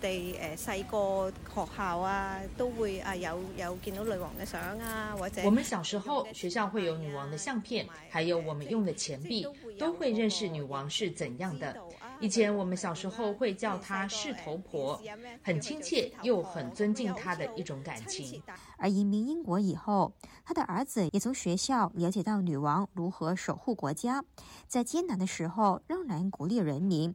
哋誒細個學校啊，都會啊有有見到女王嘅相啊，或者我們小時候學校會有女王嘅相片，還有我們用嘅錢幣，都會認識女王是怎樣的。以前我們小時候會叫她事頭婆，很親切又很尊敬她的一種感情。而移民英國以後，她的兒子也從學校了解到女王如何守護國家，在艱難的時候仍然鼓勵人民。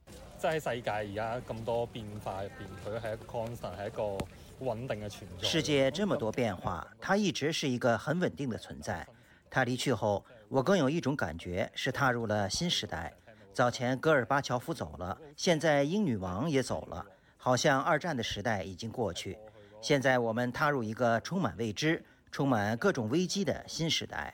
即世界而家咁多變化入邊，佢係一個 constant，係一個穩定嘅存在。世界這麼多變化，它一直是一個很穩定的存在。他離去後，我更有一種感覺是踏入了新時代。早前戈爾巴喬夫走了，現在英女王也走了，好像二戰嘅時代已經過去。現在我們踏入一個充滿未知、充滿各種危機的新時代。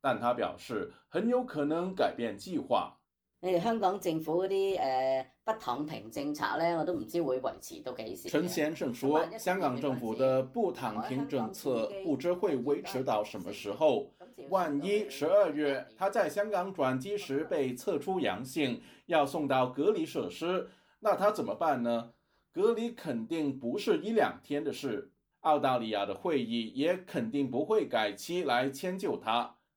但他表示，很有可能改變計劃。你哋香港政府嗰啲誒不躺平政策咧，我都唔知會維持到幾時。陳先生說、嗯，香港政府的不躺平政策不知會維持到什麼時候？嗯、萬一十二月他在香港轉機時被測出陽性，要送到隔離設施，那他怎麼辦呢？隔離肯定不是一兩天的事。澳大利亞的會議也肯定不會改期來遷就他。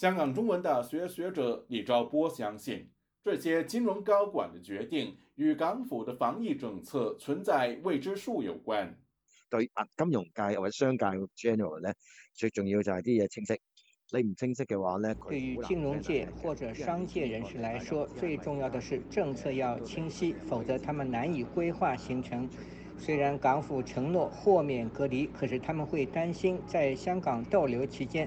香港中文大學學者李兆波相信，這些金融高管的決定與港府的防疫政策存在未知數有關。對啊，金融界或者商界 general 呢，最重要就係啲嘢清晰。你唔清晰嘅話呢，對於金融界或者商界人士來說，最重要嘅係政策要清晰，否則他們難以規劃行程。雖然港府承諾豁免隔離，可是他們會擔心在香港逗留期間。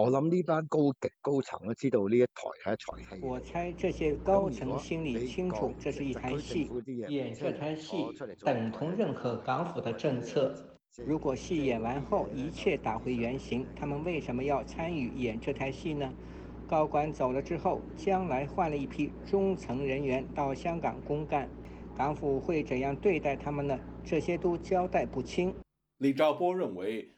我諗呢班高級高層都知道呢一台係一齣戲。我猜這些高層心裡清楚，這是一台戲，演這台戲等同認可港府的政策。如果戲演完後一切打回原形，他們為什麼要參與演這台戲呢？高管走了之後，將來換了一批中層人員到香港公幹，港府會怎樣對待他們呢？這些都交代不清。李兆波認為。